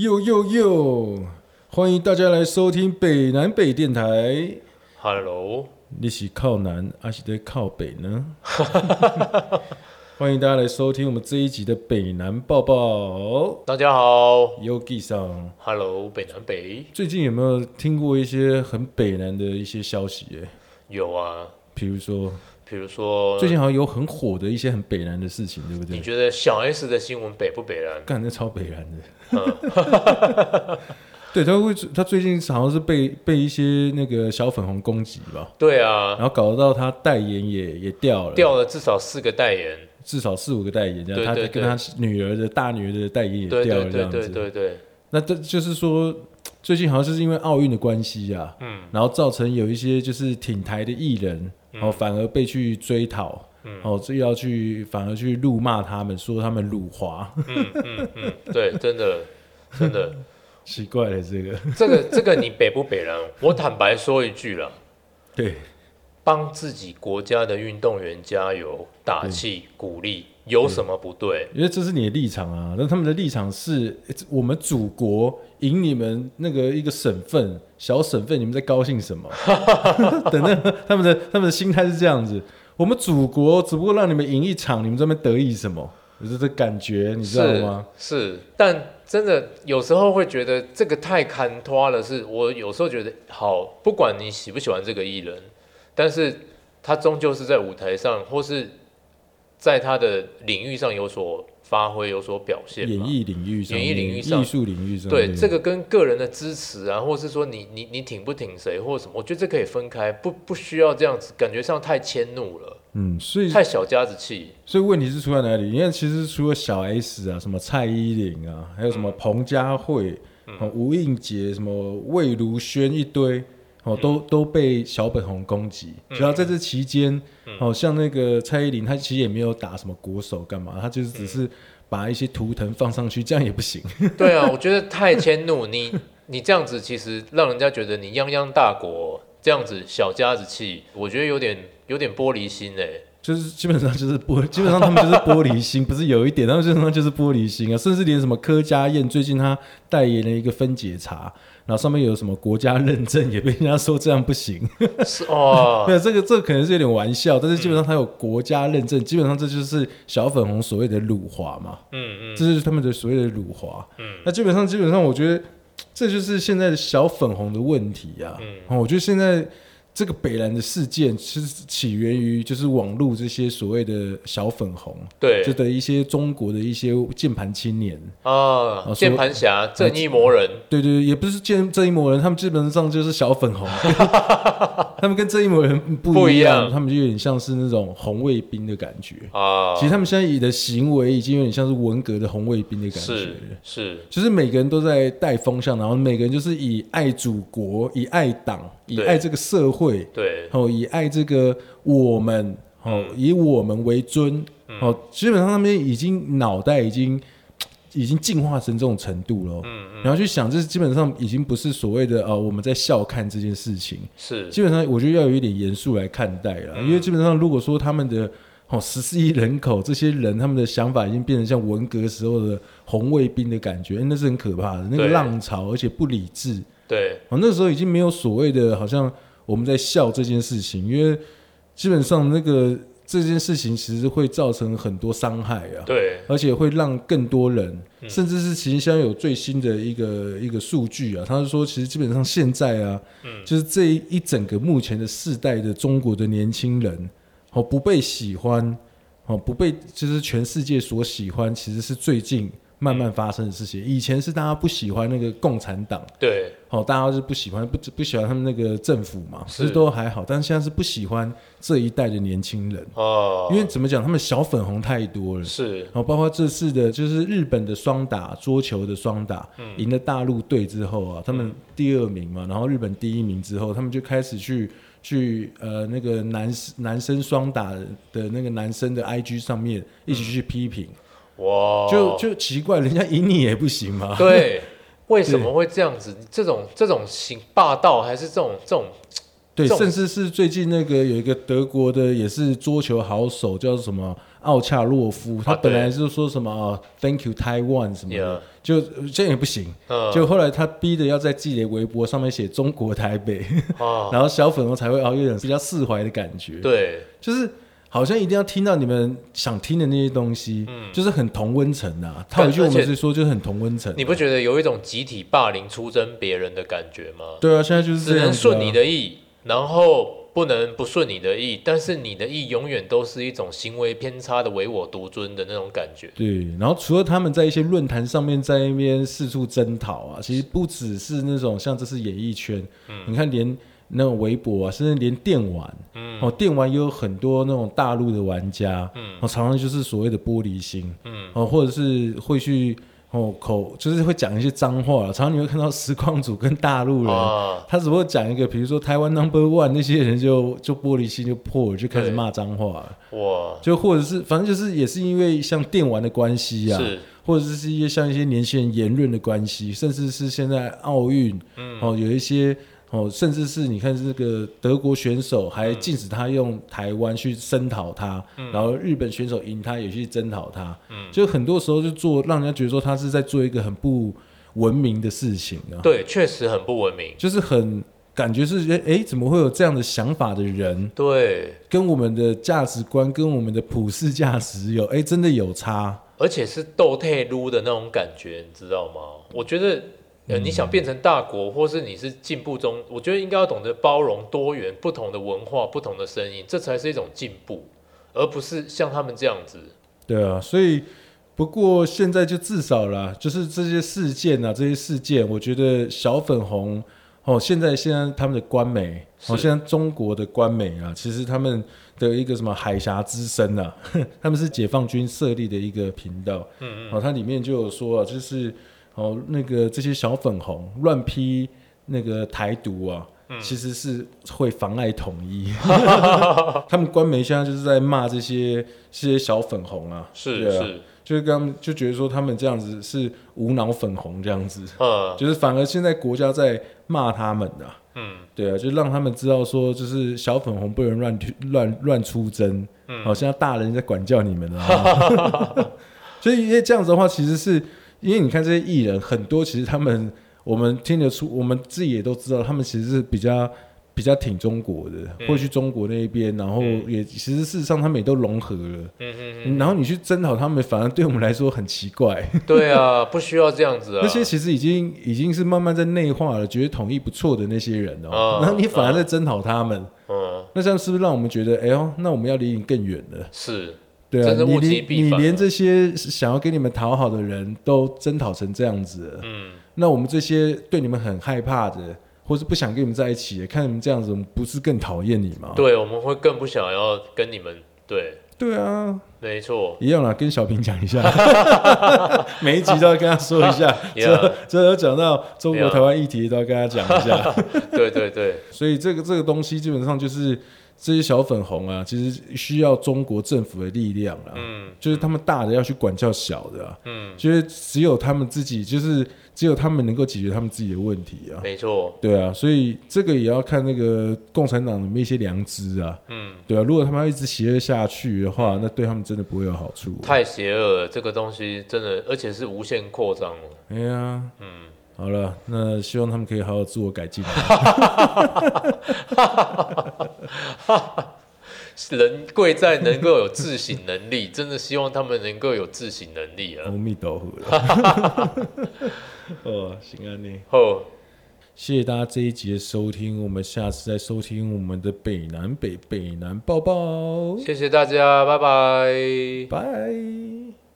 有有有，yo, yo, yo, 歡迎大家來收聽北南北電台。Hello，你是靠南還是在靠北呢？ 歡迎大家來收聽我們這一集的北南報報。大家好有 o 上。Yo, Hello，北南北。最近有沒有聽過一些很北南的一些消息、欸？有啊，譬如說。比如說，最近好像有很火的一些很北南的事情，對不對？你覺得小 S 的新聞北不北南？幹在超北南的，嗯 對，他會，他最近好像是被被一些那個小粉紅攻擊吧？對啊，然後搞得到他代言也也掉了，掉了至少四個代言，至少四五個代言，這樣，對對對他跟他女兒的大女兒的代言也掉了，這樣子，對對對，對，對，對對對。那這就是說。最近好像就是因為奧運的關係啊，嗯、然後造成有一些就是挺台的藝人，然後、嗯喔、反而被去追討，然後又要去反而去怒罵他們，說他們辱華、嗯。嗯嗯嗯，對，真的真的奇怪了，這個這個這個你北不北人？ 我坦白說一句了，對，幫自己國家的運動員加油打氣對鼓勵。有什麼不對？對，因為這是你的立場啊。那他們的立場是：我們祖國贏你們那個一個省份，小省份，你們在高興什麼？ 等等，他們的他們的心態是這樣子：我們祖國只不過讓你們贏一場，你們這邊得意什麼？覺、就是這感覺，你知道嗎？是，是，但真的有時候會覺得這個太坎坷了。是我有時候覺得，好，不管你喜不喜歡這個藝人，但是他終究是在舞台上，或是。在他的領域上有所發揮、有所表現。演藝領域上，演藝領域、藝術領域上，藝術領域上對這個跟個人的支持啊，或是說你、你、你挺不挺誰或者什麼，我覺得這可以分開，不，不需要這樣子，感覺上太遷怒了。嗯，所以太小家子氣。所以問題是出在哪裡？因為其實除了小 S 啊，什麼蔡依林啊，還有什麼彭佳慧、吳映潔、什麼魏如萱一堆。哦，都都被小粉紅攻擊。只、嗯、要在這期間，哦嗯、像那個蔡依林，他其實也沒有打什麼國手幹嘛，他就是只是把一些圖騰放上去，這樣也不行。對啊， 我覺得太遷怒你，你這樣子其實讓人家覺得你泱泱大國這樣子小家子氣，我覺得有點有點玻璃心哎、欸。就是基本上就是玻，基本上他們就是玻璃心， 不是有一點，他們基本上就是玻璃心啊，甚至連什麼柯佳嬿最近他代言了一個分解茶，然後上面有什麼國家認證，也被人家說這樣不行。是哦，對，這個，這個、可能是有點玩笑，但是基本上他有國家認證，嗯、基本上這就是小粉紅所謂的辱華嘛。嗯嗯，嗯這是他們的所謂的辱華。嗯，那基本上基本上我覺得這就是現在的小粉紅的問題呀、啊。嗯、哦，我覺得現在。這個北藍的事件其實是起源於就是網絡這些所謂的小粉紅，對，就的一些中國的一些鍵盤青年啊，鍵盤俠、正義魔人，對對，對也不是鍵正義魔人，他們基本上就是小粉紅， 他們跟正義魔人不一樣，一樣他們就有點像是那種紅衛兵的感覺啊。其實他們現在以的行為已經有點像是文革的紅衛兵的感覺，是，是，就是每個人都在帶風向，然後每個人就是以愛祖國、以愛黨。以愛這個社會，對，哦，以愛這個我們，哦、嗯，以我們為尊，哦、嗯，基本上他們已經腦袋已經，已經進化成這種程度了、嗯，嗯嗯，然後去想，這是基本上已經不是所謂的啊、哦，我們在笑看這件事情，是，基本上我覺得要有一點嚴肅來看待了，嗯、因為基本上如果說他們的哦十四億人口這些人他們的想法已經變成像文革時候的紅衛兵的感覺、欸，那是很可怕的對那個浪潮，而且不理智。對，我、哦、那時候已經沒有所謂的好像我們在笑這件事情，因為基本上那個這件事情其實會造成很多傷害啊。對，而且會讓更多人，嗯、甚至是其實像有最新的一個一個數據啊，他是說其實基本上現在啊，嗯，就是這一整個目前的世代的中國的年輕人，哦不被喜歡，哦不被就是全世界所喜歡，其實是最近。慢慢發生的事情，以前是大家不喜歡那個共產黨，對，好、哦，大家是不喜歡，不不喜歡他們那個政府嘛，是，是都還好，但是現在是不喜歡這一代的年輕人哦，因為怎麼講，他們小粉紅太多了，是，然後、哦、包括這次的，就是日本的雙打桌球的雙打，贏、嗯、了大陸隊之後啊，他們第二名嘛，嗯、然後日本第一名之後，他們就開始去去呃那個男男生雙打的那個男生的 IG 上面一起去批評。嗯就就奇怪，人家贏你也不行嗎？對，為什麼會這樣子？這種這種行霸道，還是這種這種？對，甚至是最近那個有一個德國的，也是桌球好手，叫什麼奧恰洛夫，他本來是說什麼啊，Thank you Taiwan 什麼的，就這也不行。就後來他逼着要在自己的微博上面寫中國台北，然後小粉紅才會有點，比較釋懷的感覺。對，就是。好像一定要聽到你們想聽的那些東西，嗯，就是很同溫層吶。他有句我們是說，就是很同溫層啊。你不覺得有一種集體霸凌，出征別人的感覺嗎？對啊，現在就是啊，只能順你的意，然後不能不順你的意，但是你的意永遠都是一種行為偏差的唯我獨尊的那種感覺。對，然後除了他們在一些論壇上面在那邊四處征討啊，其實不只是那種像這是演藝圈，嗯，你看連。那種微博啊，甚至連電玩，嗯，哦、喔，電玩也有很多那種大陸的玩家，嗯，哦、喔，常常就是所謂的玻璃心，嗯，哦、喔，或者是會去，哦、喔，口就是會講一些髒話，常常你會看到實況主跟大陸人，啊、他只會講一個，比如說台灣 number one 那些人就就玻璃心就破了，就開始罵髒話，哇，就或者是反正就是也是因為像電玩的關係啊，是，或者是一些像一些年輕人言論的關係，甚至是現在奧運，嗯，哦、喔，有一些。哦，甚至是你看這個德國選手還禁止他用臺灣去聲討他，嗯、然後日本選手贏他也去征討他，嗯，就很多時候就做讓人家覺得說他是在做一個很不文明的事情啊。對，確實很不文明，就是很感覺是哎、欸，怎麼會有這樣的想法的人？對，跟我們的價值觀、跟我們的普世價值有哎、欸，真的有差，而且是倒退嚕的那種感覺，你知道嗎？我覺得。呃，你想變成大國，或是你是進步中，我覺得應該要懂得包容多元，不同的文化、不同的聲音，這才是一種進步，而不是像他們這樣子。對啊，所以不過現在就至少啦，就是這些事件啊，這些事件，我覺得小粉紅哦，現在現在他們的官媒是哦，現在中國的官媒啊，其實他們的一個什麼海峽之聲啊，他們是解放軍設立的一個頻道，嗯嗯，哦，它裡面就有說啊，就是。哦，那個這些小粉紅亂批那個台獨啊，嗯、其實是會妨礙統一。 他們官媒現在就是在罵這些這些小粉紅啊，是是，啊、是就是剛就覺得說他們這樣子是無腦粉紅這樣子，呵就是反而現在國家在罵他們呢、啊，嗯，對啊，就讓他們知道說就是小粉紅不能亂亂亂出征，好像、嗯哦、大人在管教你們了、啊，所 以 因為這樣子的話，其實是。因為你看這些藝人，很多其實他們，我們聽得出，我們自己也都知道，他們其實是比較比較挺中國的，嗯、會去中國那邊，然後也、嗯、其實事實上他們也都融合了。嗯嗯然後你去征討他們，反而對我們來說很奇怪。對啊， 不需要這樣子啊。那些其實已經已經是慢慢在內化了，覺得統一不錯的那些人哦，嗯、然後你反而在征討他們。嗯。那這樣是不是讓我們覺得，哎呦，那我們要離你更遠了？是。對啊，你連你連這些想要跟你們討好的人都征討成這樣子，嗯，那我們這些對你們很害怕的，或是不想跟你們在一起，看你們這樣子，我們不是更討厭你嗎？對，我們會更不想要跟你們，對。對啊。沒錯，一樣啦，跟小平講一下， 每一集都要跟他說一下，這這 Yeah. 要講到中國 Yeah. 台灣議題都要跟他講一下， 對，對對對，所以這個這個東西基本上就是這些小粉紅啊，其實需要中國政府的力量啊，嗯，就是他們大的要去管教小的，啊，嗯，就是只有他們自己，就是只有他們能夠解決他們自己的問題啊，沒錯錯，對啊，所以這個也要看那個共產黨裡面一些良知啊，嗯，對啊，如果他們要一直邪惡下去的話，那對他們。真的不會有好處啊，太邪惡了。這個東西真的，而且是無限擴張了。哎呀，嗯，好了，那希望他們可以好好自我改進。 人貴在能夠有自省能力，真的希望他們能夠有自省能力啊。阿彌陀佛。哦，行啊，你哦。謝謝大家這一集的收聽，我們下次再收聽我們的北南北北南報報。謝謝大家，拜拜，拜。